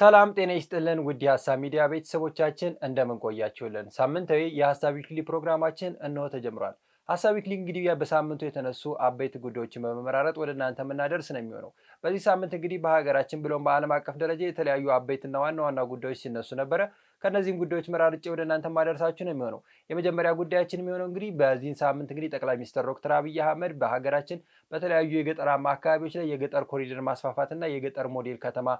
ሰላም ጤና ይስጥልን ውድ የሀሳብ ሚዲያ ቤተሰቦቻችን እንደምን ቆያችሁልን? ሳምንታዊ የሀሳብ ዊክሊ ፕሮግራማችን እንሆ ተጀምሯል። ሀሳብ ዊክሊ እንግዲህ በሳምንቱ የተነሱ አበይት ጉዳዮችን በመመራረጥ ወደ እናንተ የምናደርስ ነው የሚሆነው። በዚህ ሳምንት እንግዲህ በሀገራችን ብሎም በዓለም አቀፍ ደረጃ የተለያዩ አበይትና ዋና ዋና ጉዳዮች ሲነሱ ነበረ። ከእነዚህም ጉዳዮች መራርጬ ወደ እናንተ ማደርሳችሁ ነው የሚሆነው። የመጀመሪያ ጉዳያችን የሚሆነው እንግዲህ በዚህን ሳምንት እንግዲህ ጠቅላይ ሚኒስትር ዶክተር አብይ አህመድ በሀገራችን በተለያዩ የገጠራማ አካባቢዎች ላይ የገጠር ኮሪደር ማስፋፋትና የገጠር ሞዴል ከተማ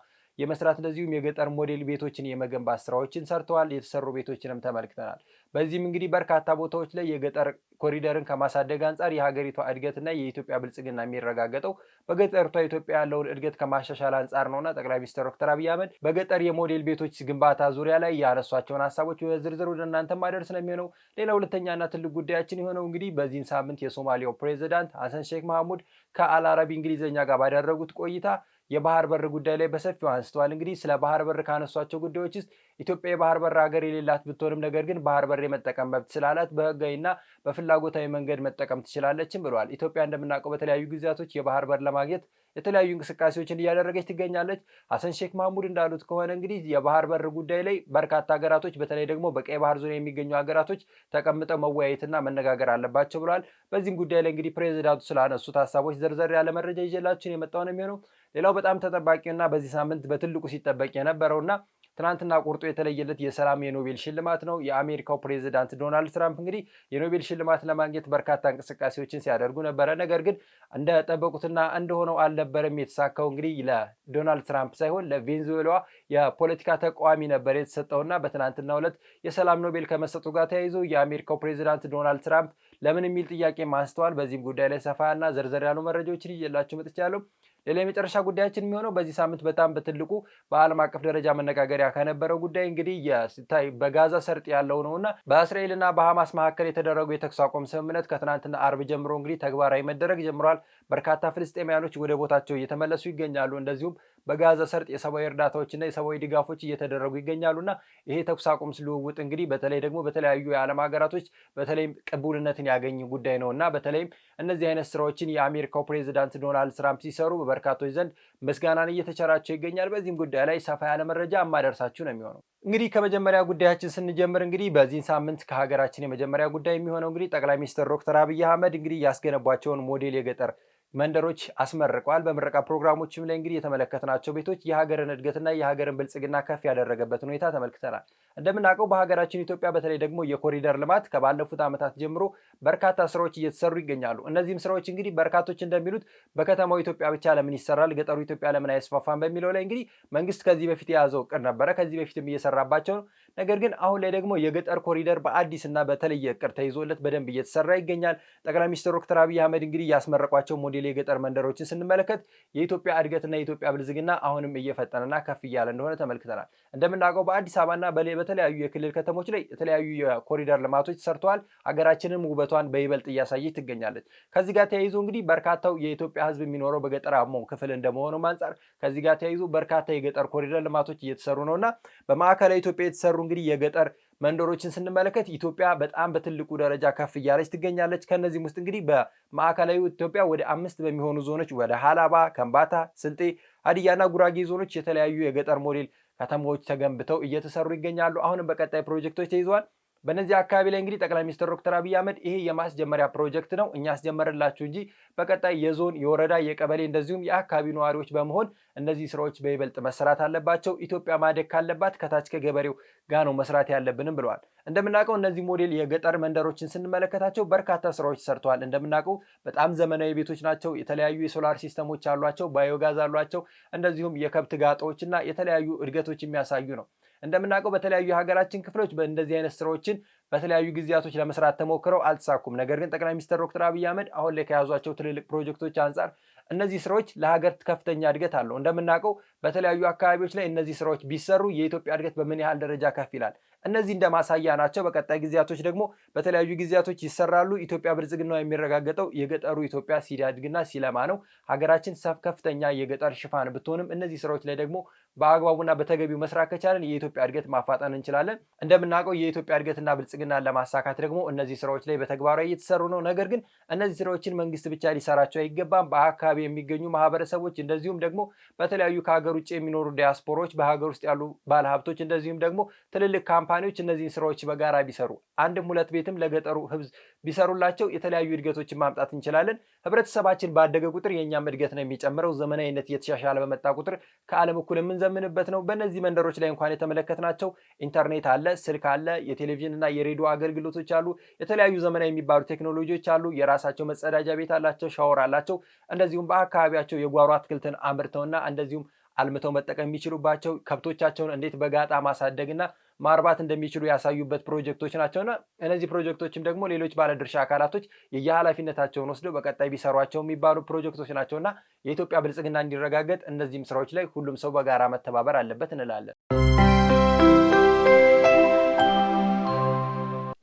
የመስራት እንደዚሁም የገጠር ሞዴል ቤቶችን የመገንባት ስራዎችን ሰርተዋል። የተሰሩ ቤቶችንም ተመልክተናል። በዚህም እንግዲህ በርካታ ቦታዎች ላይ የገጠር ኮሪደርን ከማሳደግ አንጻር የሀገሪቷ እድገትና የኢትዮጵያ ብልጽግና የሚረጋገጠው በገጠሪቷ ኢትዮጵያ ያለውን እድገት ከማሻሻል አንጻር ነውና ጠቅላይ ሚኒስትር ዶክተር አብይ አህመድ በገጠር የሞዴል ቤቶች ግንባታ ዙሪያ ላይ ያነሷቸውን ሀሳቦች በዝርዝር ወደ እናንተ ማደርስ ነው የሚሆነው። ሌላ ሁለተኛና ትልቅ ጉዳያችን የሆነው እንግዲህ በዚህን ሳምንት የሶማሊያው ፕሬዚዳንት ሀሰን ሼክ መሐሙድ ከአልአረቢ እንግሊዝኛ ጋር ባደረጉት ቆይታ የባህር በር ጉዳይ ላይ በሰፊው አንስተዋል። እንግዲህ ስለ ባህር በር ካነሷቸው ጉዳዮች ውስጥ ኢትዮጵያ የባህር በር ሀገር የሌላት ብትሆንም ነገር ግን ባህር በር የመጠቀም መብት ስላላት በህጋዊና በፍላጎታዊ መንገድ መጠቀም ትችላለችም ብለዋል። ኢትዮጵያ እንደምናውቀው በተለያዩ ጊዜያቶች የባህር በር ለማግኘት የተለያዩ እንቅስቃሴዎችን እያደረገች ትገኛለች። ሀሰን ሼክ ማህሙድ እንዳሉት ከሆነ እንግዲህ የባህር በር ጉዳይ ላይ በርካታ ሀገራቶች በተለይ ደግሞ በቀይ ባህር ዙሪያ የሚገኙ ሀገራቶች ተቀምጠው መወያየትና መነጋገር አለባቸው ብለዋል። በዚህም ጉዳይ ላይ እንግዲህ ፕሬዚዳንቱ ስላነሱት ሀሳቦች ዘርዘር ያለ መረጃ ይዤላችሁን የመጣው ነው የሚሆነው። ሌላው በጣም ተጠባቂውና በዚህ ሳምንት በትልቁ ሲጠበቅ የነበረውና ትናንትና ቁርጡ የተለየለት የሰላም የኖቤል ሽልማት ነው። የአሜሪካው ፕሬዚዳንት ዶናልድ ትራምፕ እንግዲህ የኖቤል ሽልማት ለማግኘት በርካታ እንቅስቃሴዎችን ሲያደርጉ ነበረ። ነገር ግን እንደጠበቁትና እንደሆነው አልነበረም የተሳካው። እንግዲህ ለዶናልድ ትራምፕ ሳይሆን ለቬንዙዌላ የፖለቲካ ተቃዋሚ ነበር የተሰጠውና በትናንትናው ዕለት የሰላም ኖቤል ከመሰጡ ጋር ተያይዞ የአሜሪካው ፕሬዚዳንት ዶናልድ ትራምፕ ለምን የሚል ጥያቄ ማንስተዋል። በዚህም ጉዳይ ላይ ሰፋ እና ዘርዘር ያሉ መረጃዎችን ይዤላችሁ መጥቻለሁ። ሌላ የመጨረሻ ጉዳያችን የሚሆነው በዚህ ሳምንት በጣም በትልቁ በዓለም አቀፍ ደረጃ መነጋገሪያ ከነበረው ጉዳይ እንግዲህ ሲታይ በጋዛ ሰርጥ ያለው ነው እና በእስራኤልና በሐማስ መካከል የተደረጉ የተኩስ አቁም ስምምነት ከትናንትና አርብ ጀምሮ እንግዲህ ተግባራዊ መደረግ ጀምሯል። በርካታ ፍልስጤማያኖች ወደ ቦታቸው እየተመለሱ ይገኛሉ። እንደዚሁም በጋዛ ሰርጥ የሰብአዊ እርዳታዎችና የሰብአዊ ድጋፎች እየተደረጉ ይገኛሉና ይሄ ተኩስ አቁም ልውውጥ እንግዲህ በተለይ ደግሞ በተለያዩ የዓለም ሀገራቶች በተለይም ቅቡልነትን ያገኝ ጉዳይ ነው እና በተለይም እነዚህ አይነት ስራዎችን የአሜሪካው ፕሬዚዳንት ዶናልድ ትራምፕ ሲሰሩ በበርካቶች ዘንድ ምስጋናን እየተቸራቸው ይገኛል። በዚህም ጉዳይ ላይ ሰፋ ያለ መረጃ የማደርሳችሁ ነው የሚሆነው። እንግዲህ ከመጀመሪያ ጉዳያችን ስንጀምር እንግዲህ በዚህን ሳምንት ከሀገራችን የመጀመሪያ ጉዳይ የሚሆነው እንግዲህ ጠቅላይ ሚኒስትር ዶክተር አብይ አህመድ እንግዲህ ያስገነቧቸውን ሞዴል የገጠር መንደሮች አስመርቀዋል። በምረቃ ፕሮግራሞችም ላይ እንግዲህ የተመለከትናቸው ቤቶች የሀገርን እድገትና የሀገርን ብልጽግና ከፍ ያደረገበትን ሁኔታ ተመልክተናል። እንደምናውቀው በሀገራችን ኢትዮጵያ በተለይ ደግሞ የኮሪደር ልማት ከባለፉት ዓመታት ጀምሮ በርካታ ስራዎች እየተሰሩ ይገኛሉ። እነዚህም ስራዎች እንግዲህ በርካቶች እንደሚሉት በከተማው ኢትዮጵያ ብቻ ለምን ይሰራል፣ ገጠሩ ኢትዮጵያ ለምን አይስፋፋም በሚለው ላይ እንግዲህ መንግስት ከዚህ በፊት የያዘው እቅድ ነበረ። ከዚህ በፊትም እየሰራባቸው ነው። ነገር ግን አሁን ላይ ደግሞ የገጠር ኮሪደር በአዲስ እና በተለየ እቅድ ተይዞለት በደንብ እየተሰራ ይገኛል። ጠቅላይ ሚኒስትር ዶክተር አብይ አህመድ እንግዲህ ያስመረቋቸው ሞዴል የገጠር መንደሮችን ስንመለከት የኢትዮጵያ እድገትና የኢትዮጵያ ብልጽግና አሁንም እየፈጠነና ከፍ እያለ እንደሆነ ተመልክተናል። እንደምናውቀው በአዲስ አበባና በተለያዩ የክልል ከተሞች ላይ የተለያዩ የኮሪደር ልማቶች ሰርተዋል። ሀገራችንም ውበቷን በይበልጥ እያሳየች ትገኛለች። ከዚህ ጋር ተያይዞ እንግዲህ በርካታው የኢትዮጵያ ሕዝብ የሚኖረው በገጠራማው ክፍል እንደመሆኑም አንጻር ከዚህ ጋር ተያይዞ በርካታ የገጠር ኮሪደር ልማቶች እየተሰሩ ነውና በማዕከላዊ ኢትዮጵያ የተሰሩ እንግዲህ የገጠር መንደሮችን ስንመለከት ኢትዮጵያ በጣም በትልቁ ደረጃ ከፍ እያለች ትገኛለች። ከነዚህም ውስጥ እንግዲህ በማዕከላዊ ኢትዮጵያ ወደ አምስት በሚሆኑ ዞኖች ወደ ሀላባ፣ ከምባታ፣ ስልጤ፣ ሀዲያና ጉራጌ ዞኖች የተለያዩ የገጠር ሞዴል ከተማዎች ተገንብተው እየተሰሩ ይገኛሉ። አሁንም በቀጣይ ፕሮጀክቶች ተይዘዋል። በእነዚህ አካባቢ ላይ እንግዲህ ጠቅላይ ሚኒስትር ዶክተር አብይ አህመድ ይሄ የማስጀመሪያ ፕሮጀክት ነው እኛ አስጀመርላችሁ እንጂ በቀጣይ የዞን የወረዳ የቀበሌ እንደዚሁም የአካባቢ ነዋሪዎች በመሆን እነዚህ ስራዎች በይበልጥ መሰራት አለባቸው። ኢትዮጵያ ማደግ ካለባት ከታች ከገበሬው ጋር ነው መስራት ያለብንም ብለዋል። እንደምናውቀው እነዚህ ሞዴል የገጠር መንደሮችን ስንመለከታቸው በርካታ ስራዎች ሰርተዋል። እንደምናውቀው በጣም ዘመናዊ ቤቶች ናቸው። የተለያዩ የሶላር ሲስተሞች አሏቸው፣ ባዮጋዝ አሏቸው። እንደዚሁም የከብት ጋጦዎች እና የተለያዩ እድገቶች የሚያሳዩ ነው። እንደምናውቀው በተለያዩ የሀገራችን ክፍሎች በእንደዚህ አይነት ስራዎችን በተለያዩ ጊዜያቶች ለመስራት ተሞክረው አልተሳኩም። ነገር ግን ጠቅላይ ሚኒስትር ዶክተር አብይ አህመድ አሁን ላይ ከያዟቸው ትልልቅ ፕሮጀክቶች አንጻር እነዚህ ስራዎች ለሀገር ከፍተኛ እድገት አለው። እንደምናውቀው በተለያዩ አካባቢዎች ላይ እነዚህ ስራዎች ቢሰሩ የኢትዮጵያ እድገት በምን ያህል ደረጃ ከፍ ይላል። እነዚህ እንደ ማሳያ ናቸው። በቀጣይ ጊዜያቶች ደግሞ በተለያዩ ጊዜያቶች ይሰራሉ። ኢትዮጵያ ብልጽግናው የሚረጋገጠው የገጠሩ ኢትዮጵያ ሲዳድግና ሲለማ ነው። ሀገራችን ከፍተኛ የገጠር ሽፋን ብትሆንም እነዚህ ስራዎች ላይ ደግሞ በአግባቡና በተገቢው መስራት ከቻለን የኢትዮጵያ እድገት ማፋጠን እንችላለን። እንደምናውቀው የኢትዮጵያ እድገትና ብልጽግና ለማሳካት ደግሞ እነዚህ ስራዎች ላይ በተግባራዊ እየተሰሩ ነው። ነገር ግን እነዚህ ስራዎችን መንግስት ብቻ ሊሰራቸው አይገባም። በአካባቢ የሚገኙ ማህበረሰቦች፣ እንደዚሁም ደግሞ በተለያዩ ከሀገር ውጭ የሚኖሩ ዲያስፖሮች፣ በሀገር ውስጥ ያሉ ባለሀብቶች፣ እንደዚሁም ደግሞ ትልልቅ ካምፓኒዎች እነዚህን ስራዎች በጋራ ቢሰሩ አንድም ሁለት ቤትም ለገጠሩ ህዝብ ቢሰሩላቸው የተለያዩ እድገቶችን ማምጣት እንችላለን። ህብረተሰባችን ባደገ ቁጥር የእኛም እድገት ነው የሚጨምረው። ዘመናዊነት እየተሻሻለ በመጣ ቁጥር ከዓለም እኩል የምንዘ የምንዘምንበት ነው። በእነዚህ መንደሮች ላይ እንኳን የተመለከትናቸው ኢንተርኔት አለ፣ ስልክ አለ፣ የቴሌቪዥን እና የሬዲዮ አገልግሎቶች አሉ፣ የተለያዩ ዘመናዊ የሚባሉ ቴክኖሎጂዎች አሉ፣ የራሳቸው መጸዳጃ ቤት አላቸው፣ ሻወር አላቸው። እንደዚሁም በአካባቢያቸው የጓሮ አትክልትን አምርተውና እንደዚሁም አልምተው መጠቀም የሚችሉባቸው ከብቶቻቸውን እንዴት በጋጣ ማሳደግና ማርባት እንደሚችሉ ያሳዩበት ፕሮጀክቶች ናቸውና እነዚህ ፕሮጀክቶችም ደግሞ ሌሎች ባለድርሻ አካላቶች የየኃላፊነታቸውን ወስደው በቀጣይ ቢሰሯቸው የሚባሉ ፕሮጀክቶች ናቸውና የኢትዮጵያ ብልጽግና እንዲረጋገጥ እነዚህም ስራዎች ላይ ሁሉም ሰው በጋራ መተባበር አለበት እንላለን።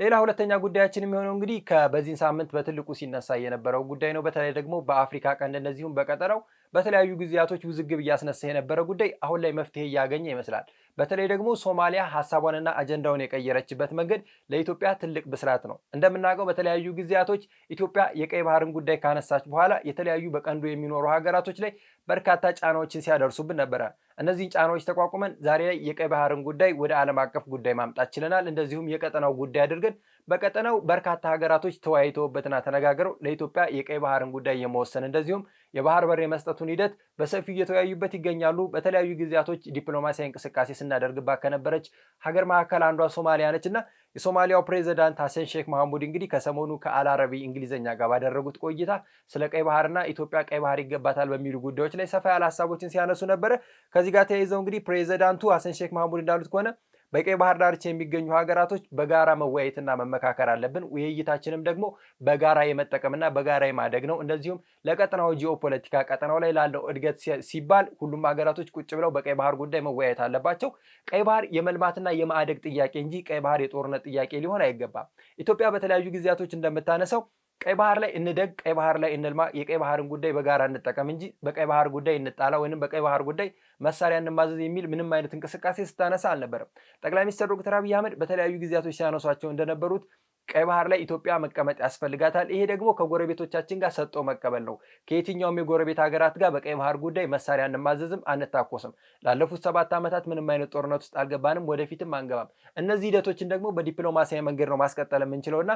ሌላ ሁለተኛ ጉዳያችን የሚሆነው እንግዲህ ከበዚህን ሳምንት በትልቁ ሲነሳ የነበረው ጉዳይ ነው። በተለይ ደግሞ በአፍሪካ ቀንድ እንደዚሁም በቀጠናው በተለያዩ ጊዜያቶች ውዝግብ እያስነሳ የነበረ ጉዳይ አሁን ላይ መፍትሄ እያገኘ ይመስላል። በተለይ ደግሞ ሶማሊያ ሀሳቧንና አጀንዳውን የቀየረችበት መንገድ ለኢትዮጵያ ትልቅ ብስራት ነው። እንደምናውቀው በተለያዩ ጊዜያቶች ኢትዮጵያ የቀይ ባህርን ጉዳይ ካነሳች በኋላ የተለያዩ በቀንዱ የሚኖሩ ሀገራቶች ላይ በርካታ ጫናዎችን ሲያደርሱብን ነበረ። እነዚህን ጫናዎች ተቋቁመን ዛሬ ላይ የቀይ ባህርን ጉዳይ ወደ ዓለም አቀፍ ጉዳይ ማምጣት ችለናል። እንደዚሁም የቀጠናው ጉዳይ አድርገን በቀጠናው በርካታ ሀገራቶች ተወያይተውበትና ተነጋግረው ለኢትዮጵያ የቀይ ባህርን ጉዳይ የመወሰን እንደዚሁም የባህር በር የመስጠቱን ሂደት በሰፊው እየተወያዩበት ይገኛሉ። በተለያዩ ጊዜያቶች ዲፕሎማሲያዊ እንቅስቃሴ ስናደርግባት ከነበረች ሀገር መካከል አንዷ ሶማሊያ ነች እና የሶማሊያው ፕሬዚዳንት ሀሰን ሼክ መሐሙድ እንግዲህ ከሰሞኑ ከአልአረቢ እንግሊዝኛ ጋር ባደረጉት ቆይታ ስለ ቀይ ባህርና ኢትዮጵያ ቀይ ባህር ይገባታል በሚሉ ጉዳዮች ላይ ሰፋ ያለ ሀሳቦችን ሲያነሱ ነበረ። ከዚህ ጋር ተያይዘው እንግዲህ ፕሬዚዳንቱ ሀሰን ሼክ መሐሙድ እንዳሉት ከሆነ በቀይ ባህር ዳርቻ የሚገኙ ሀገራቶች በጋራ መወያየትና መመካከር አለብን። ውይይታችንም ደግሞ በጋራ የመጠቀምና በጋራ የማደግ ነው። እንደዚሁም ለቀጠናው ጂኦፖለቲካ ቀጠናው ላይ ላለው እድገት ሲባል ሁሉም ሀገራቶች ቁጭ ብለው በቀይ ባህር ጉዳይ መወያየት አለባቸው። ቀይ ባህር የመልማትና የማደግ ጥያቄ እንጂ ቀይ ባህር የጦርነት ጥያቄ ሊሆን አይገባም። ኢትዮጵያ በተለያዩ ጊዜያቶች እንደምታነሳው ቀይ ባህር ላይ እንደግ፣ ቀይ ባህር ላይ እንልማ፣ የቀይ ባህርን ጉዳይ በጋራ እንጠቀም እንጂ በቀይ ባህር ጉዳይ እንጣላ ወይም በቀይ ባህር ጉዳይ መሳሪያ እንማዘዝ የሚል ምንም አይነት እንቅስቃሴ ስታነሳ አልነበረም። ጠቅላይ ሚኒስትር ዶክተር አብይ አህመድ በተለያዩ ጊዜያቶች ሲያነሷቸው እንደነበሩት ቀይ ባህር ላይ ኢትዮጵያ መቀመጥ ያስፈልጋታል። ይሄ ደግሞ ከጎረቤቶቻችን ጋር ሰጥቶ መቀበል ነው። ከየትኛውም የጎረቤት ሀገራት ጋር በቀይ ባህር ጉዳይ መሳሪያ እንማዘዝም አንታኮስም። ላለፉት ሰባት ዓመታት ምንም አይነት ጦርነት ውስጥ አልገባንም፣ ወደፊትም አንገባም። እነዚህ ሂደቶችን ደግሞ በዲፕሎማሲያዊ መንገድ ነው ማስቀጠል የምንችለውና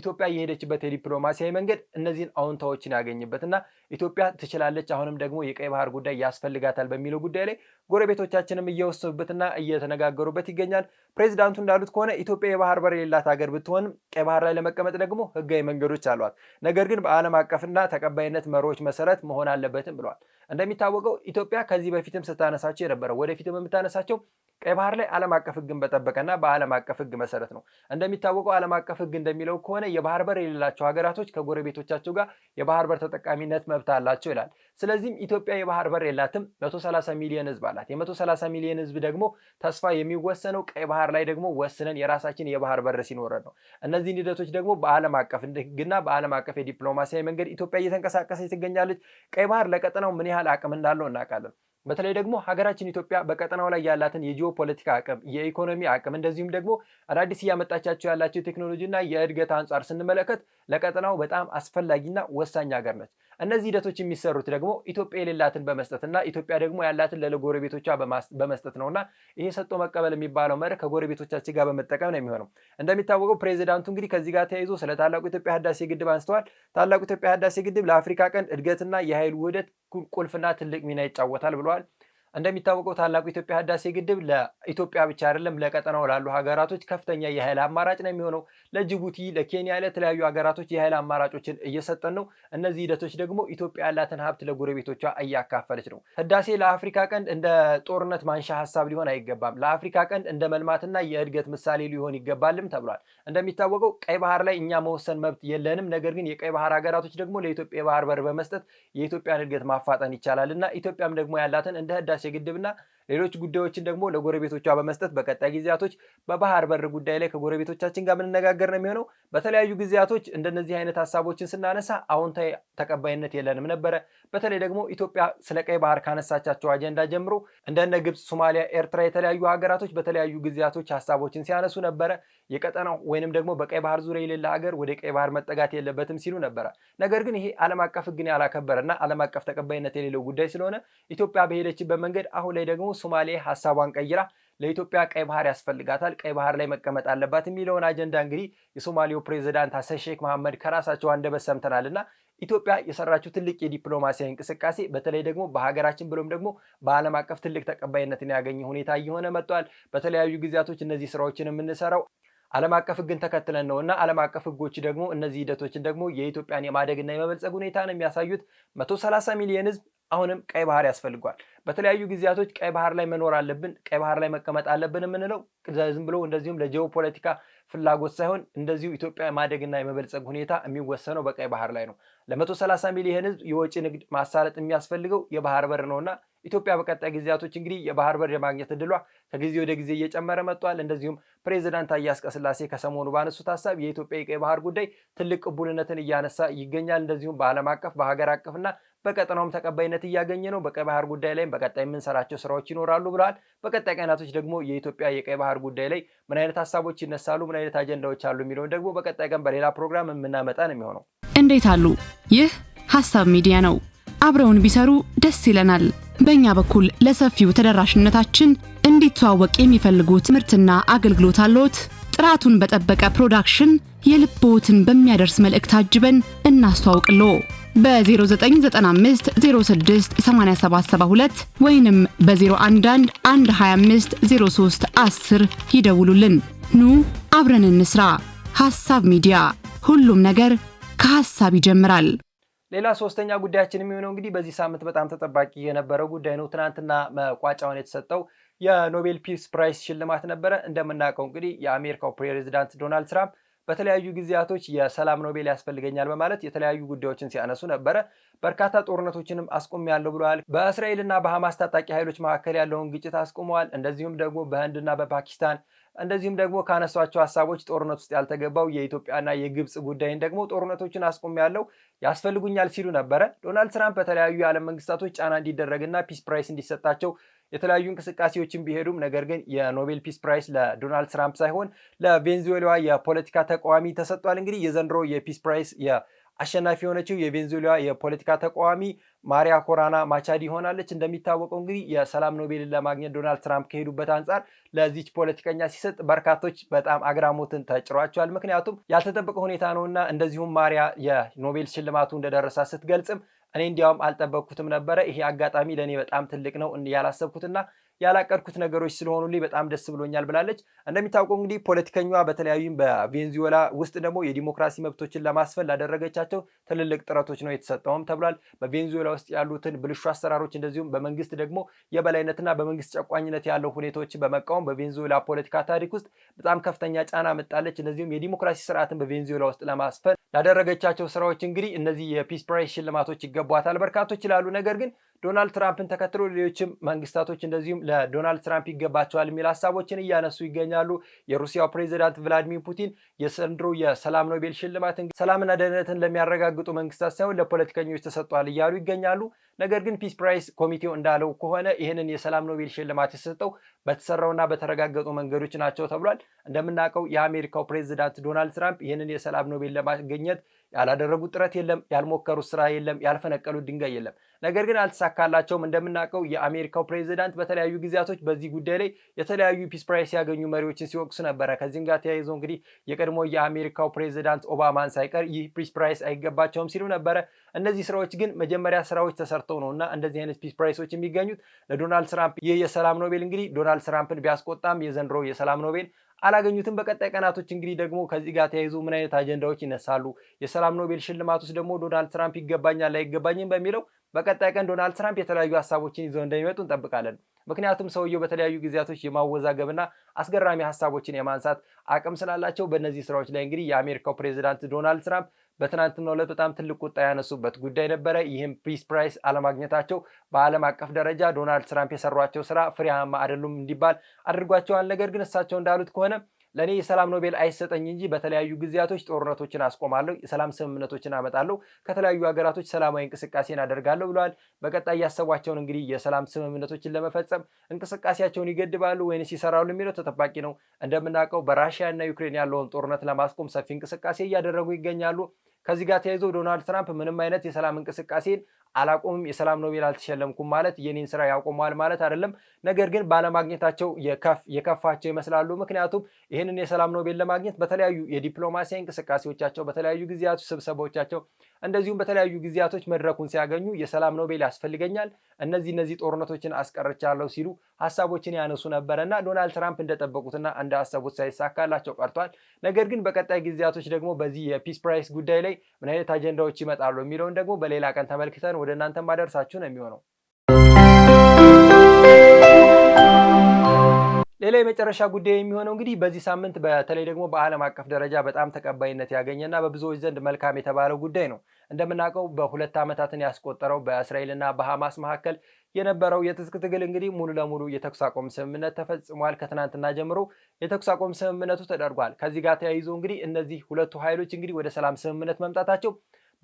ኢትዮጵያ የሄደችበት የዲፕሎማሲያዊ መንገድ እነዚህን አዎንታዎችን ያገኝበት እና ኢትዮጵያ ትችላለች፣ አሁንም ደግሞ የቀይ ባህር ጉዳይ ያስፈልጋታል በሚለው ጉዳይ ላይ ጎረቤቶቻችንም እየወሰኑበትና እየተነጋገሩበት ይገኛል። ፕሬዚዳንቱ እንዳሉት ከሆነ ኢትዮጵያ የባህር በር የሌላት ሀገር ብትሆን ቀይ ባህር ላይ ለመቀመጥ ደግሞ ህጋዊ መንገዶች አሏት። ነገር ግን በዓለም አቀፍና ተቀባይነት መሮች መሰረት መሆን አለበትም ብለዋል። እንደሚታወቀው ኢትዮጵያ ከዚህ በፊትም ስታነሳቸው የነበረው ወደፊትም የምታነሳቸው ቀይ ባህር ላይ ዓለም አቀፍ ህግን በጠበቀና በዓለም አቀፍ ህግ መሰረት ነው። እንደሚታወቀው ዓለም አቀፍ ህግ እንደሚለው ከሆነ የባህር በር የሌላቸው ሀገራቶች ከጎረቤቶቻቸው ጋር የባህር በር ተጠቃሚነት መብት አላቸው ይላል። ስለዚህም ኢትዮጵያ የባህር በር የላትም። 130 ሚሊዮን ህዝብ አላት። አላት። የ የ130 ሚሊዮን ህዝብ ደግሞ ተስፋ የሚወሰነው ቀይ ባህር ላይ ደግሞ ወስነን የራሳችን የባህር በር ሲኖረን ነው። እነዚህን ሂደቶች ደግሞ በዓለም አቀፍ ህግና በዓለም አቀፍ የዲፕሎማሲያዊ መንገድ ኢትዮጵያ እየተንቀሳቀሰች ትገኛለች። ቀይ ባህር ለቀጠናው ምን ያህል አቅም እንዳለው እናውቃለን። በተለይ ደግሞ ሀገራችን ኢትዮጵያ በቀጠናው ላይ ያላትን የጂኦ ፖለቲካ አቅም፣ የኢኮኖሚ አቅም እንደዚሁም ደግሞ አዳዲስ እያመጣቻቸው ያላቸው ቴክኖሎጂና የእድገት አንጻር ስንመለከት ለቀጠናው በጣም አስፈላጊና ወሳኝ ሀገር ነች። እነዚህ ሂደቶች የሚሰሩት ደግሞ ኢትዮጵያ የሌላትን በመስጠትና ኢትዮጵያ ደግሞ ያላትን ለጎረቤቶቿ በመስጠት ነውና ይሄ ሰጥቶ መቀበል የሚባለው መርህ ከጎረቤቶቻችን ጋር በመጠቀም ነው የሚሆነው። እንደሚታወቀው ፕሬዚዳንቱ እንግዲህ ከዚህ ጋር ተያይዞ ስለ ታላቁ ኢትዮጵያ ህዳሴ ግድብ አንስተዋል። ታላቁ ኢትዮጵያ ህዳሴ ግድብ ለአፍሪካ ቀንድ እድገትና የኃይል ውህደት ቁልፍና ትልቅ ሚና ይጫወታል ብሏል። እንደሚታወቀው ታላቁ የኢትዮጵያ ህዳሴ ግድብ ለኢትዮጵያ ብቻ አይደለም፣ ለቀጠናው ላሉ ሀገራቶች ከፍተኛ የኃይል አማራጭ ነው የሚሆነው። ለጅቡቲ፣ ለኬንያ፣ ለተለያዩ ሀገራቶች የኃይል አማራጮችን እየሰጠን ነው። እነዚህ ሂደቶች ደግሞ ኢትዮጵያ ያላትን ሀብት ለጎረቤቶቿ እያካፈለች ነው። ህዳሴ ለአፍሪካ ቀንድ እንደ ጦርነት ማንሻ ሀሳብ ሊሆን አይገባም። ለአፍሪካ ቀንድ እንደ መልማትና የእድገት ምሳሌ ሊሆን ይገባልም ተብሏል። እንደሚታወቀው ቀይ ባህር ላይ እኛ መወሰን መብት የለንም። ነገር ግን የቀይ ባህር ሀገራቶች ደግሞ ለኢትዮጵያ የባህር በር በመስጠት የኢትዮጵያን እድገት ማፋጠን ይቻላል እና ኢትዮጵያም ደግሞ ያላትን እንደ ህዳሴ የህዳሴ ግድብና ሌሎች ጉዳዮችን ደግሞ ለጎረቤቶቿ በመስጠት በቀጣይ ጊዜያቶች በባህር በር ጉዳይ ላይ ከጎረቤቶቻችን ጋር የምንነጋገር ነው የሚሆነው። በተለያዩ ጊዜያቶች እንደነዚህ አይነት ሀሳቦችን ስናነሳ አዎንታዊ ተቀባይነት የለንም ነበረ። በተለይ ደግሞ ኢትዮጵያ ስለ ቀይ ባህር ካነሳቻቸው አጀንዳ ጀምሮ እንደነ ግብፅ፣ ሶማሊያ፣ ኤርትራ የተለያዩ ሀገራቶች በተለያዩ ጊዜያቶች ሀሳቦችን ሲያነሱ ነበረ። የቀጠናው ወይንም ደግሞ በቀይ ባህር ዙሪያ የሌለ ሀገር ወደ ቀይ ባህር መጠጋት የለበትም ሲሉ ነበረ። ነገር ግን ይሄ ዓለም አቀፍ ሕግን ያላከበረ እና ዓለም አቀፍ ተቀባይነት የሌለው ጉዳይ ስለሆነ ኢትዮጵያ በሄደችበት መንገድ አሁን ላይ ደግሞ ሶማሌ ሀሳቧን ቀይራ ለኢትዮጵያ ቀይ ባህር ያስፈልጋታል፣ ቀይ ባህር ላይ መቀመጥ አለባት የሚለውን አጀንዳ እንግዲህ የሶማሌው ፕሬዚዳንት ሀሰን ሼክ መሐመድ ከራሳቸው አንደበት ሰምተናል እና ኢትዮጵያ የሰራችው ትልቅ የዲፕሎማሲያዊ እንቅስቃሴ በተለይ ደግሞ በሀገራችን ብሎም ደግሞ በዓለም አቀፍ ትልቅ ተቀባይነትን ያገኘ ሁኔታ እየሆነ መጥቷል። በተለያዩ ጊዜያቶች እነዚህ ስራዎችን የምንሰራው ዓለም አቀፍ ሕግን ተከትለን ነው እና ዓለም አቀፍ ሕጎች ደግሞ እነዚህ ሂደቶችን ደግሞ የኢትዮጵያን የማደግና የመበልጸግ ሁኔታን የሚያሳዩት መቶ ሰላሳ ሚሊየን ሕዝብ አሁንም ቀይ ባህር ያስፈልገዋል። በተለያዩ ጊዜያቶች ቀይ ባህር ላይ መኖር አለብን፣ ቀይ ባህር ላይ መቀመጥ አለብን የምንለው ዝም ብሎ እንደዚሁም ለጂኦፖለቲካ ፍላጎት ሳይሆን እንደዚሁ ኢትዮጵያ የማደግና የመበልጸግ ሁኔታ የሚወሰነው በቀይ ባህር ላይ ነው። ለመቶ ሰላሳ ሚሊየን ህዝብ የወጪ ንግድ ማሳለጥ የሚያስፈልገው የባህር በር ነውና ኢትዮጵያ በቀጣይ ጊዜያቶች እንግዲህ የባህር በር የማግኘት እድሏ ከጊዜ ወደ ጊዜ እየጨመረ መጥቷል። እንደዚሁም ፕሬዚዳንት ታዬ አጽቀሥላሴ ከሰሞኑ ባነሱት ሀሳብ የኢትዮጵያ የቀይ ባህር ጉዳይ ትልቅ ቅቡልነትን እያነሳ ይገኛል። እንደዚሁም በዓለም አቀፍ በሀገር አቀፍና በቀጠናውም ተቀባይነት እያገኘ ነው። በቀይ ባህር ጉዳይ ላይም በቀጣይ የምንሰራቸው ስራዎች ይኖራሉ ብለዋል። በቀጣይ ቀናቶች ደግሞ የኢትዮጵያ የቀይ ባህር ጉዳይ ላይ ምን አይነት ሀሳቦች ይነሳሉ፣ ምን አይነት አጀንዳዎች አሉ የሚለውን ደግሞ በቀጣይ ቀን በሌላ ፕሮግራም የምናመጣ ነው የሚሆነው። እንዴት አሉ? ይህ ሀሳብ ሚዲያ ነው። አብረውን ቢሰሩ ደስ ይለናል። በእኛ በኩል ለሰፊው ተደራሽነታችን እንዲተዋወቅ የሚፈልጉ ትምህርትና አገልግሎት አለዎት? ጥራቱን በጠበቀ ፕሮዳክሽን የልቦትን በሚያደርስ መልእክት አጅበን እናስተዋውቅለ። በ0995 06 8772 ወይንም በ 0111 25 03 10 ይደውሉልን። ኑ አብረን እንስራ። ሀሳብ ሚዲያ፣ ሁሉም ነገር ከሀሳብ ይጀምራል። ሌላ ሶስተኛ ጉዳያችን የሚሆነው እንግዲህ በዚህ ሳምንት በጣም ተጠባቂ የነበረው ጉዳይ ነው። ትናንትና መቋጫውን የተሰጠው የኖቤል ፒስ ፕራይስ ሽልማት ነበረ። እንደምናውቀው እንግዲህ የአሜሪካው ፕሬዚዳንት ዶናልድ ትራምፕ በተለያዩ ጊዜያቶች የሰላም ኖቤል ያስፈልገኛል በማለት የተለያዩ ጉዳዮችን ሲያነሱ ነበረ። በርካታ ጦርነቶችንም አስቁሜያለሁ ብለዋል። በእስራኤልና በሐማስ ታጣቂ ኃይሎች መካከል ያለውን ግጭት አስቁመዋል። እንደዚሁም ደግሞ በህንድና በፓኪስታን እንደዚሁም ደግሞ ካነሷቸው ሀሳቦች ጦርነት ውስጥ ያልተገባው የኢትዮጵያና የግብፅ ጉዳይን ደግሞ ጦርነቶችን አስቆም ያለው ያስፈልጉኛል ሲሉ ነበረ። ዶናልድ ትራምፕ በተለያዩ የዓለም መንግስታቶች ጫና እንዲደረግና ፒስ ፕራይስ እንዲሰጣቸው የተለያዩ እንቅስቃሴዎችን ቢሄዱም ነገር ግን የኖቤል ፒስ ፕራይስ ለዶናልድ ትራምፕ ሳይሆን ለቬንዙዌላ የፖለቲካ ተቃዋሚ ተሰጥቷል። እንግዲህ የዘንድሮ የፒስ ፕራይስ አሸናፊ የሆነችው የቬንዙዌላ የፖለቲካ ተቃዋሚ ማሪያ ኮራና ማቻዲ ሆናለች። እንደሚታወቀው እንግዲህ የሰላም ኖቤልን ለማግኘት ዶናልድ ትራምፕ ከሄዱበት አንጻር ለዚች ፖለቲከኛ ሲሰጥ በርካቶች በጣም አግራሞትን ተጭሯቸዋል። ምክንያቱም ያልተጠበቀ ሁኔታ ነውና፣ እንደዚሁም ማሪያ የኖቤል ሽልማቱ እንደደረሳ ስትገልጽም እኔ እንዲያውም አልጠበቅኩትም ነበረ። ይሄ አጋጣሚ ለእኔ በጣም ትልቅ ነው ያላሰብኩትና ያላቀድኩት ነገሮች ስለሆኑልኝ በጣም ደስ ብሎኛል ብላለች። እንደሚታወቀው እንግዲህ ፖለቲከኛዋ በተለያዩም በቬንዙዌላ ውስጥ ደግሞ የዲሞክራሲ መብቶችን ለማስፈል ላደረገቻቸው ትልልቅ ጥረቶች ነው የተሰጠውም ተብሏል። በቬንዙዌላ ውስጥ ያሉትን ብልሹ አሰራሮች እንደዚሁም በመንግስት ደግሞ የበላይነትና በመንግስት ጨቋኝነት ያለው ሁኔታዎችን በመቃወም በቬንዙዌላ ፖለቲካ ታሪክ ውስጥ በጣም ከፍተኛ ጫና መጣለች። እንደዚሁም የዲሞክራሲ ስርዓትን በቬንዙዌላ ውስጥ ለማስፈል ላደረገቻቸው ስራዎች እንግዲህ እነዚህ የፒስ ፕራይስ ሽልማቶች ይገቧታል በርካቶች ይላሉ። ነገር ግን ዶናልድ ትራምፕን ተከትሎ ሌሎችም መንግስታቶች እንደዚሁም ለዶናልድ ትራምፕ ይገባቸዋል የሚል ሀሳቦችን እያነሱ ይገኛሉ። የሩሲያው ፕሬዚዳንት ቭላዲሚር ፑቲን የዘንድሮ የሰላም ኖቤል ሽልማት ሰላምና ደህንነትን ለሚያረጋግጡ መንግስታት ሳይሆን ለፖለቲከኞች ተሰጥቷል እያሉ ይገኛሉ። ነገር ግን ፒስ ፕራይስ ኮሚቴው እንዳለው ከሆነ ይህንን የሰላም ኖቤል ሽልማት የሰጠው በተሰራውና በተረጋገጡ መንገዶች ናቸው ተብሏል። እንደምናውቀው የአሜሪካው ፕሬዚዳንት ዶናልድ ትራምፕ ይህንን የሰላም ኖቤል ለማገኘት ያላደረጉት ጥረት የለም፣ ያልሞከሩት ስራ የለም፣ ያልፈነቀሉት ድንጋይ የለም። ነገር ግን አልተሳካላቸውም። እንደምናውቀው የአሜሪካው ፕሬዚዳንት በተለያዩ ጊዜያቶች በዚህ ጉዳይ ላይ የተለያዩ ፒስ ፕራይስ ያገኙ መሪዎችን ሲወቅሱ ነበረ። ከዚህም ጋር ተያይዞ እንግዲህ የቀድሞ የአሜሪካው ፕሬዚዳንት ኦባማን ሳይቀር ይህ ፒስ ፕራይስ አይገባቸውም ሲሉ ነበረ። እነዚህ ስራዎች ግን መጀመሪያ ስራዎች ተሰርተው ነው እና እንደዚህ አይነት ፒስ ፕራይሶች የሚገኙት ለዶናልድ ትራምፕ ይህ የሰላም ኖቤል እንግዲህ ዶናልድ ትራምፕን ቢያስቆጣም የዘንድሮ የሰላም ኖቤል አላገኙትም። በቀጣይ ቀናቶች እንግዲህ ደግሞ ከዚህ ጋር ተያይዞ ምን አይነት አጀንዳዎች ይነሳሉ፣ የሰላም ኖቤል ሽልማት ውስጥ ደግሞ ዶናልድ ትራምፕ ይገባኛል አይገባኝም በሚለው በቀጣይ ቀን ዶናልድ ትራምፕ የተለያዩ ሀሳቦችን ይዘው እንደሚመጡ እንጠብቃለን። ምክንያቱም ሰውየው በተለያዩ ጊዜያቶች የማወዛገብና አስገራሚ ሀሳቦችን የማንሳት አቅም ስላላቸው በእነዚህ ስራዎች ላይ እንግዲህ የአሜሪካው ፕሬዚዳንት ዶናልድ ትራምፕ በትናንትናው ዕለት በጣም ትልቅ ቁጣ ያነሱበት ጉዳይ ነበረ። ይህም ፒስ ፕራይስ አለማግኘታቸው በዓለም አቀፍ ደረጃ ዶናልድ ትራምፕ የሰሯቸው ስራ ፍሬያማ አይደሉም እንዲባል አድርጓቸዋል። ነገር ግን እሳቸው እንዳሉት ከሆነ ለእኔ የሰላም ኖቤል አይሰጠኝ እንጂ በተለያዩ ጊዜያቶች ጦርነቶችን አስቆማለሁ፣ የሰላም ስምምነቶችን አመጣለሁ፣ ከተለያዩ ሀገራቶች ሰላማዊ እንቅስቃሴን አደርጋለሁ ብለዋል። በቀጣይ ያሰቧቸውን እንግዲህ የሰላም ስምምነቶችን ለመፈጸም እንቅስቃሴያቸውን ይገድባሉ ወይንስ ይሰራሉ የሚለው ተጠባቂ ነው። እንደምናውቀው በራሽያ እና ዩክሬን ያለውን ጦርነት ለማስቆም ሰፊ እንቅስቃሴ እያደረጉ ይገኛሉ። ከዚህ ጋር ተያይዞ ዶናልድ ትራምፕ ምንም አይነት የሰላም እንቅስቃሴን አላቆምም፣ የሰላም ኖቤል አልተሸለምኩም ማለት የኔን ስራ ያቆመዋል ማለት አይደለም። ነገር ግን ባለማግኘታቸው የከፋቸው ይመስላሉ። ምክንያቱም ይህንን የሰላም ኖቤል ለማግኘት በተለያዩ የዲፕሎማሲያ እንቅስቃሴዎቻቸው፣ በተለያዩ ጊዜያቶች ስብሰባዎቻቸው፣ እንደዚሁም በተለያዩ ጊዜያቶች መድረኩን ሲያገኙ የሰላም ኖቤል ያስፈልገኛል፣ እነዚህ እነዚህ ጦርነቶችን አስቀርቻለሁ ሲሉ ሀሳቦችን ያነሱ እና ዶናልድ ትራምፕ እንደጠበቁትና እንዳሰቡት ሳይሳካላቸው ቀርቷል። ነገር ግን በቀጣይ ጊዜያቶች ደግሞ በዚህ የፒስ ፕራይስ ጉዳይ ላይ ምን አይነት አጀንዳዎች ይመጣሉ የሚለውን ደግሞ በሌላ ቀን ተመልክተን ወደ እናንተ ማደርሳችሁ ነው የሚሆነው። ሌላ የመጨረሻ ጉዳይ የሚሆነው እንግዲህ በዚህ ሳምንት በተለይ ደግሞ በዓለም አቀፍ ደረጃ በጣም ተቀባይነት ያገኘና በብዙዎች ዘንድ መልካም የተባለው ጉዳይ ነው። እንደምናውቀው በሁለት ዓመታትን ያስቆጠረው በእስራኤልና በሐማስ መካከል የነበረው የትጥቅ ትግል እንግዲህ ሙሉ ለሙሉ የተኩስ አቆም ስምምነት ተፈጽሟል። ከትናንትና ጀምሮ የተኩስ አቆም ስምምነቱ ተደርጓል። ከዚህ ጋር ተያይዞ እንግዲህ እነዚህ ሁለቱ ኃይሎች እንግዲህ ወደ ሰላም ስምምነት መምጣታቸው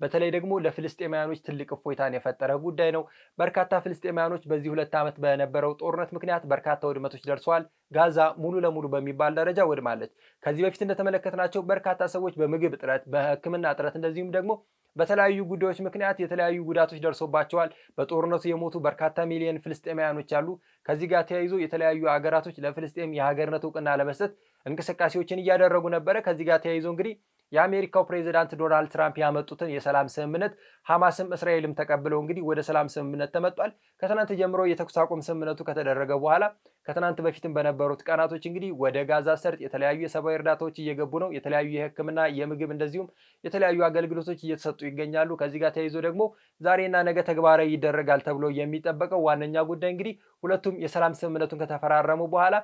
በተለይ ደግሞ ለፍልስጤማውያኖች ትልቅ እፎይታን የፈጠረ ጉዳይ ነው። በርካታ ፍልስጤማውያኖች በዚህ ሁለት ዓመት በነበረው ጦርነት ምክንያት በርካታ ውድመቶች ደርሰዋል። ጋዛ ሙሉ ለሙሉ በሚባል ደረጃ ወድማለች። ከዚህ በፊት እንደተመለከትናቸው በርካታ ሰዎች በምግብ እጥረት፣ በሕክምና እጥረት እንደዚሁም ደግሞ በተለያዩ ጉዳዮች ምክንያት የተለያዩ ጉዳቶች ደርሶባቸዋል። በጦርነቱ የሞቱ በርካታ ሚሊዮን ፍልስጤማውያኖች አሉ። ከዚህ ጋር ተያይዞ የተለያዩ ሀገራቶች ለፍልስጤም የሀገርነት እውቅና ለመስጠት እንቅስቃሴዎችን እያደረጉ ነበረ። ከዚህ ጋር ተያይዞ እንግዲህ የአሜሪካው ፕሬዚዳንት ዶናልድ ትራምፕ ያመጡትን የሰላም ስምምነት ሐማስም እስራኤልም ተቀብለው እንግዲህ ወደ ሰላም ስምምነት ተመጧል። ከትናንት ጀምሮ የተኩስ አቁም ስምምነቱ ከተደረገ በኋላ ከትናንት በፊትም በነበሩት ቀናቶች እንግዲህ ወደ ጋዛ ሰርጥ የተለያዩ የሰብአዊ እርዳታዎች እየገቡ ነው። የተለያዩ የሕክምና የምግብ፣ እንደዚሁም የተለያዩ አገልግሎቶች እየተሰጡ ይገኛሉ። ከዚህ ጋር ተያይዞ ደግሞ ዛሬና ነገ ተግባራዊ ይደረጋል ተብሎ የሚጠበቀው ዋነኛ ጉዳይ እንግዲህ ሁለቱም የሰላም ስምምነቱን ከተፈራረሙ በኋላ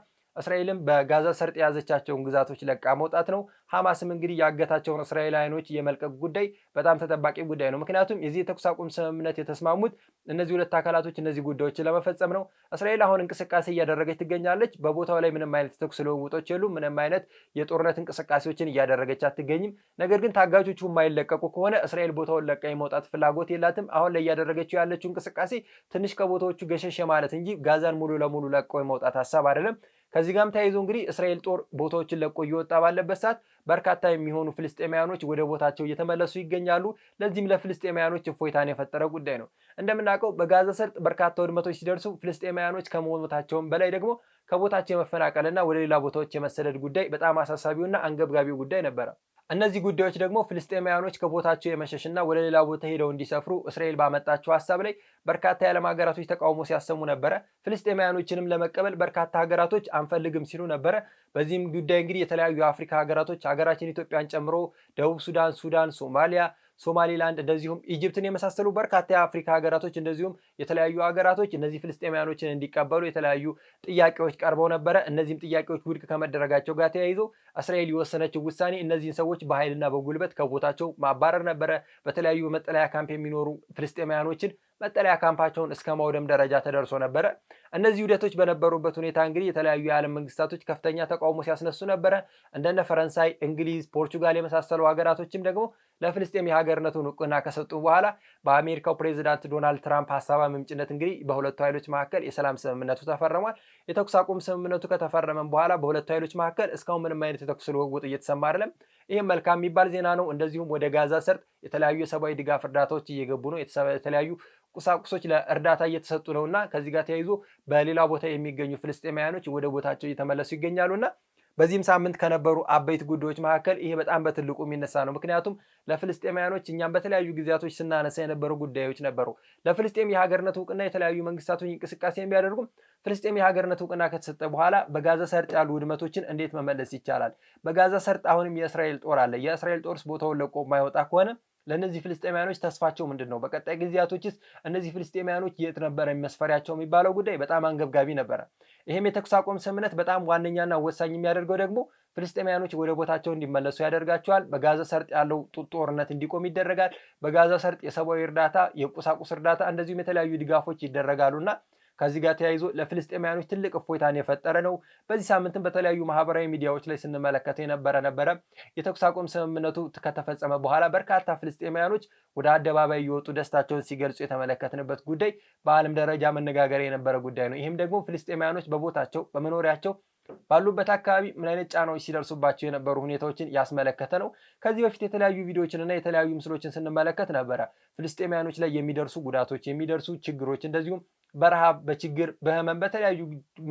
እስራኤልም በጋዛ ሰርጥ የያዘቻቸውን ግዛቶች ለቃ መውጣት ነው። ሐማስም እንግዲህ ያገታቸውን እስራኤላውያኖች የመልቀቅ ጉዳይ በጣም ተጠባቂ ጉዳይ ነው። ምክንያቱም የዚህ የተኩስ አቁም ስምምነት የተስማሙት እነዚህ ሁለት አካላቶች እነዚህ ጉዳዮችን ለመፈጸም ነው። እስራኤል አሁን እንቅስቃሴ እያደረገች ትገኛለች። በቦታው ላይ ምንም አይነት የተኩስ ልውውጦች የሉ፣ ምንም አይነት የጦርነት እንቅስቃሴዎችን እያደረገች አትገኝም። ነገር ግን ታጋቾቹ የማይለቀቁ ከሆነ እስራኤል ቦታውን ለቃ የመውጣት ፍላጎት የላትም። አሁን ላይ እያደረገችው ያለችው እንቅስቃሴ ትንሽ ከቦታዎቹ ገሸሽ ማለት እንጂ ጋዛን ሙሉ ለሙሉ ለቀው የመውጣት ሀሳብ አይደለም። ከዚህ ጋም ተያይዞ እንግዲህ እስራኤል ጦር ቦታዎችን ለቆ እየወጣ ባለበት ሰዓት በርካታ የሚሆኑ ፍልስጤማያኖች ወደ ቦታቸው እየተመለሱ ይገኛሉ። ለዚህም ለፍልስጤማያኖች እፎይታን የፈጠረ ጉዳይ ነው። እንደምናውቀው በጋዛ ሰርጥ በርካታ ውድመቶች ሲደርሱ ፍልስጤማያኖች ከመሞታቸውም በላይ ደግሞ ከቦታቸው የመፈናቀልና ወደ ሌላ ቦታዎች የመሰደድ ጉዳይ በጣም አሳሳቢውና አንገብጋቢው ጉዳይ ነበረ። እነዚህ ጉዳዮች ደግሞ ፍልስጤማውያኖች ከቦታቸው የመሸሽና ወደ ሌላ ቦታ ሄደው እንዲሰፍሩ እስራኤል ባመጣቸው ሀሳብ ላይ በርካታ የዓለም ሀገራቶች ተቃውሞ ሲያሰሙ ነበረ። ፍልስጤማውያኖችንም ለመቀበል በርካታ ሀገራቶች አንፈልግም ሲሉ ነበረ። በዚህም ጉዳይ እንግዲህ የተለያዩ የአፍሪካ ሀገራቶች ሀገራችን ኢትዮጵያን ጨምሮ ደቡብ ሱዳን፣ ሱዳን፣ ሶማሊያ ሶማሊላንድ እንደዚሁም ኢጅፕትን የመሳሰሉ በርካታ የአፍሪካ ሀገራቶች እንደዚሁም የተለያዩ ሀገራቶች እነዚህ ፍልስጤማያኖችን እንዲቀበሉ የተለያዩ ጥያቄዎች ቀርበው ነበረ። እነዚህም ጥያቄዎች ውድቅ ከመደረጋቸው ጋር ተያይዞ እስራኤል የወሰነችው ውሳኔ እነዚህን ሰዎች በኃይልና በጉልበት ከቦታቸው ማባረር ነበረ። በተለያዩ መጠለያ ካምፕ የሚኖሩ ፍልስጤማያኖችን መጠለያ ካምፓቸውን እስከ ማውደም ደረጃ ተደርሶ ነበረ። እነዚህ ውደቶች በነበሩበት ሁኔታ እንግዲህ የተለያዩ የዓለም መንግስታቶች ከፍተኛ ተቃውሞ ሲያስነሱ ነበረ። እንደነ ፈረንሳይ፣ እንግሊዝ፣ ፖርቹጋል የመሳሰሉ ሀገራቶችም ደግሞ ለፍልስጤም የሀገርነቱን እውቅና ከሰጡ በኋላ በአሜሪካው ፕሬዚዳንት ዶናልድ ትራምፕ ሀሳብ አመንጭነት እንግዲህ በሁለቱ ኃይሎች መካከል የሰላም ስምምነቱ ተፈርሟል። የተኩስ አቁም ስምምነቱ ከተፈረመም በኋላ በሁለቱ ኃይሎች መካከል እስካሁን ምንም አይነት የተኩስ ልውውጥ እየተሰማ አይደለም። ይህም መልካም የሚባል ዜና ነው። እንደዚሁም ወደ ጋዛ ሰርጥ የተለያዩ የሰብአዊ ድጋፍ እርዳታዎች እየገቡ ነው። የተለያዩ ቁሳቁሶች ለእርዳታ እየተሰጡ ነውና ከዚህ ጋር ተያይዞ በሌላ ቦታ የሚገኙ ፍልስጤማውያኖች ወደ ቦታቸው እየተመለሱ ይገኛሉና በዚህም ሳምንት ከነበሩ አበይት ጉዳዮች መካከል ይሄ በጣም በትልቁ የሚነሳ ነው። ምክንያቱም ለፍልስጤማውያኖች እኛም በተለያዩ ጊዜያቶች ስናነሳ የነበሩ ጉዳዮች ነበሩ። ለፍልስጤም የሀገርነት እውቅና የተለያዩ መንግስታቶች እንቅስቃሴ ቢያደርጉም ፍልስጤም የሀገርነት እውቅና ከተሰጠ በኋላ በጋዛ ሰርጥ ያሉ ውድመቶችን እንዴት መመለስ ይቻላል? በጋዛ ሰርጥ አሁንም የእስራኤል ጦር አለ። የእስራኤል ጦርስ ቦታውን ለቆ የማይወጣ ከሆነ ለእነዚህ ፍልስጤማያኖች ተስፋቸው ምንድን ነው? በቀጣይ ጊዜያቶችስ እነዚህ ፍልስጤማያኖች የት ነበረ መስፈሪያቸው የሚባለው ጉዳይ በጣም አንገብጋቢ ነበረ። ይህም የተኩስ አቁም ስምምነት በጣም ዋነኛና ወሳኝ የሚያደርገው ደግሞ ፍልስጤማያኖች ወደ ቦታቸው እንዲመለሱ ያደርጋቸዋል። በጋዛ ሰርጥ ያለው ጦርነት እንዲቆም ይደረጋል። በጋዛ ሰርጥ የሰብአዊ እርዳታ፣ የቁሳቁስ እርዳታ እንደዚሁም የተለያዩ ድጋፎች ይደረጋሉና ከዚህ ጋር ተያይዞ ለፍልስጤማያኖች ትልቅ እፎይታን የፈጠረ ነው። በዚህ ሳምንትም በተለያዩ ማህበራዊ ሚዲያዎች ላይ ስንመለከተው የነበረ ነበረ። የተኩስ አቁም ስምምነቱ ከተፈጸመ በኋላ በርካታ ፍልስጤማያኖች ወደ አደባባይ እየወጡ ደስታቸውን ሲገልጹ የተመለከትንበት ጉዳይ በዓለም ደረጃ መነጋገር የነበረ ጉዳይ ነው። ይህም ደግሞ ፍልስጤማያኖች በቦታቸው በመኖሪያቸው ባሉበት አካባቢ ምን አይነት ጫናዎች ሲደርሱባቸው የነበሩ ሁኔታዎችን ያስመለከተ ነው። ከዚህ በፊት የተለያዩ ቪዲዮዎችን እና የተለያዩ ምስሎችን ስንመለከት ነበረ። ፍልስጤማያኖች ላይ የሚደርሱ ጉዳቶች፣ የሚደርሱ ችግሮች እንደዚሁም በረሃብ፣ በችግር፣ በህመም በተለያዩ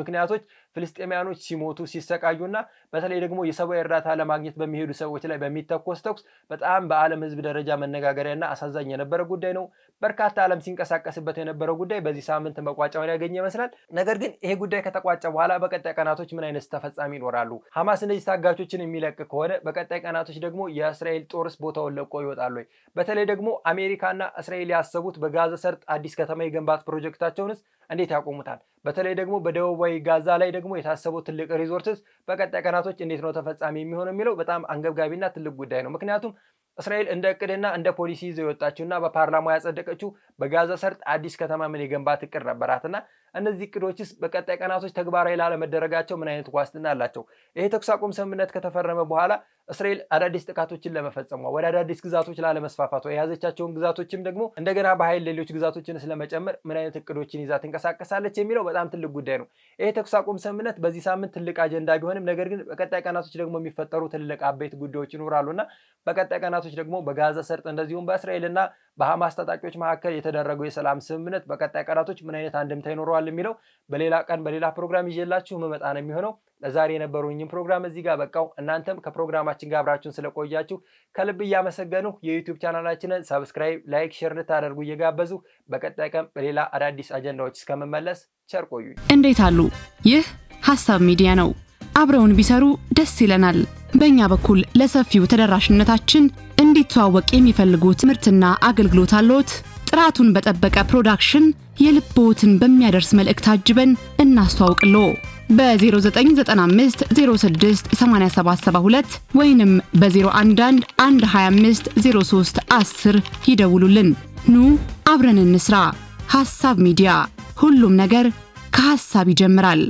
ምክንያቶች ፍልስጤማያኖች ሲሞቱ ሲሰቃዩና በተለይ ደግሞ የሰብአዊ እርዳታ ለማግኘት በሚሄዱ ሰዎች ላይ በሚተኮስ ተኩስ በጣም በዓለም ህዝብ ደረጃ መነጋገሪያና አሳዛኝ የነበረ ጉዳይ ነው። በርካታ ዓለም ሲንቀሳቀስበት የነበረው ጉዳይ በዚህ ሳምንት መቋጫውን ያገኘ ይመስላል። ነገር ግን ይሄ ጉዳይ ከተቋጨ በኋላ በቀጣይ ቀናቶች ምን አይነት ተፈጻሚ ይኖራሉ? ሐማስ እነዚህ ታጋቾችን የሚለቅ ከሆነ በቀጣይ ቀናቶች ደግሞ የእስራኤል ጦርስ ቦታውን ለቆ ይወጣሉ? በተለይ ደግሞ አሜሪካና እስራኤል ያሰቡት በጋዛ ሰርጥ አዲስ ከተማ የገንባት ፕሮጀክታቸውንስ እንዴት ያቆሙታል? በተለይ ደግሞ በደቡባዊ ጋዛ ላይ ደግሞ የታሰበው ትልቅ ሪዞርትስ በቀጣይ ቀናቶች እንዴት ነው ተፈጻሚ የሚሆነው የሚለው በጣም አንገብጋቢና ትልቅ ጉዳይ ነው። ምክንያቱም እስራኤል እንደ እቅድና እንደ ፖሊሲ ይዘው የወጣችውና በፓርላማ ያጸደቀችው በጋዛ ሰርጥ አዲስ ከተማ ምን የገንባት እቅድ ነበራትና እነዚህ እቅዶችስ በቀጣይ ቀናቶች ተግባራዊ ላለመደረጋቸው ምን አይነት ዋስትና አላቸው? ይሄ ተኩስ አቁም ስምምነት ከተፈረመ በኋላ እስራኤል አዳዲስ ጥቃቶችን ለመፈጸሟ ወደ አዳዲስ ግዛቶች ላለመስፋፋቷ የያዘቻቸውን ግዛቶችም ደግሞ እንደገና በኃይል ሌሎች ግዛቶችን ስለመጨመር ምን አይነት እቅዶችን ይዛ ትንቀሳቀሳለች የሚለው በጣም ትልቅ ጉዳይ ነው። ይሄ ተኩስ አቁም ስምምነት በዚህ ሳምንት ትልቅ አጀንዳ ቢሆንም ነገር ግን በቀጣይ ቀናቶች ደግሞ የሚፈጠሩ ትልቅ አበይት ጉዳዮች ይኖራሉና በቀጣይ ቀናቶች ደግሞ በጋዛ ሰርጥ እንደዚሁም በእስራኤልና በሐማስ ታጣቂዎች መካከል የተደረገው የሰላም ስምምነት በቀጣይ ቀናቶች ምን አይነት አንድምታ ይኖረዋል ይሆናል የሚለው በሌላ ቀን በሌላ ፕሮግራም ይዤላችሁ መመጣ ነው የሚሆነው። ለዛሬ የነበሩኝም ፕሮግራም እዚህ ጋር በቃው። እናንተም ከፕሮግራማችን ጋር አብራችሁን ስለቆያችሁ ከልብ እያመሰገኑ የዩቲዩብ ቻናላችንን ሰብስክራይብ፣ ላይክ፣ ሼር እንድታደርጉ እየጋበዙ በቀጣይ ቀን በሌላ አዳዲስ አጀንዳዎች እስከምመለስ ቸር ቆዩኝ። እንዴት አሉ? ይህ ሀሳብ ሚዲያ ነው። አብረውን ቢሰሩ ደስ ይለናል። በእኛ በኩል ለሰፊው ተደራሽነታችን እንዲተዋወቅ የሚፈልጉት ምርትና አገልግሎት አለዎት? ጥራቱን በጠበቀ ፕሮዳክሽን የልቦትን በሚያደርስ መልእክት አጅበን እናስተዋውቅሎ በ0995 06 8772 ወይንም በ011 125 03 10 ይደውሉልን። ኑ አብረን እንስራ። ሐሳብ ሚዲያ፣ ሁሉም ነገር ከሐሳብ ይጀምራል።